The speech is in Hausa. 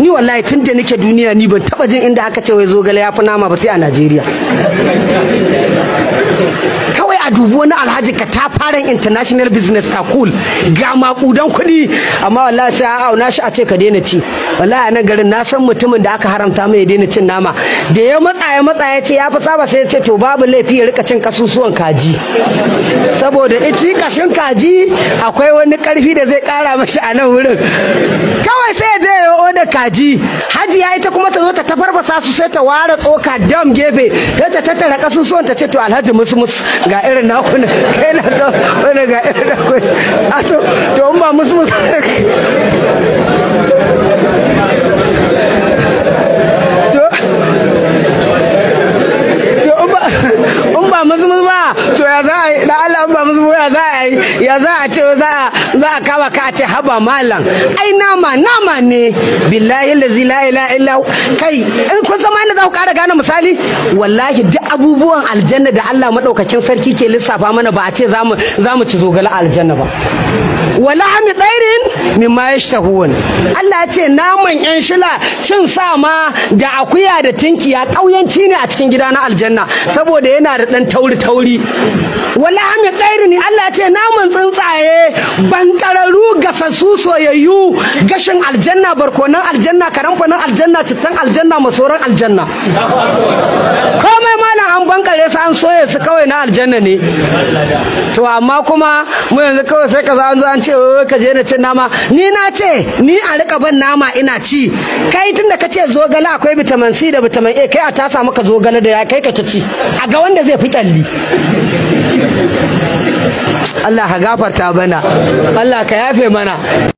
ni wallahi tun da nake duniya ni ban taba jin inda aka ce wai zogale ya fi nama ba sai a Najeriya kawai a dubi wani alhaji ka ta fara international business ta cool ga makudan kuɗi amma wallahi sai a auna shi a ce ka daina ci wallahi a nan garin na san mutumin da aka haramta mai daina cin nama da ya matsa ya matsa ya ce ya fi saba sai ya ce to babu laifi ya rika cin kasusuwan kaji saboda ita kashin kaji akwai wani karfi da zai kara mashi a nan wurin kawai sai kaji haji ya ita kuma ta zo ta tafarbasa su sai ta ware tsoka dam gefe sai ta tattara kasusuwan ta ce to alhaji musu musu ga irin naku na kai na ga irin naku a to to in ba musu musu ba to ya za a yi da Allah ba musu ya za a yi ya za a ce za a za a kama ka a ce haba malam ai nama nama ne billahi lazi la ilaha illa kai in kun zama inda za ku kara gane misali wallahi duk abubuwan aljanna da Allah madaukakin sarki ke lissafa mana ba a ce za mu ci zogale aljanna ba wala hami tsairin ma yashtahun Allah ya ce naman yan shila cin sa ma da akuya da tinkiya ƙauyanci ne a cikin gida aljanna saboda yana da ɗan tauri tauri wala ami tsairin Allah ya ce naman tsuntsaye ga gasassu soyayyu gashin aljanna barkonan aljanna karamfanin aljanna cittan aljanna masoran aljanna kare su an soye su kawai na aljanna ne to amma kuma mu yanzu kawai sai ka zo an ce oh, ka je na ci nama ni na ce ni a rika ban nama ina ci kai tunda ka ce zogale akwai vitamin C da vitamin A kai a ta samu ka zogale da ya kai ka ta ci a ga wanda zai fi kyalli Allah ka gafarta bana Allah ka yafe mana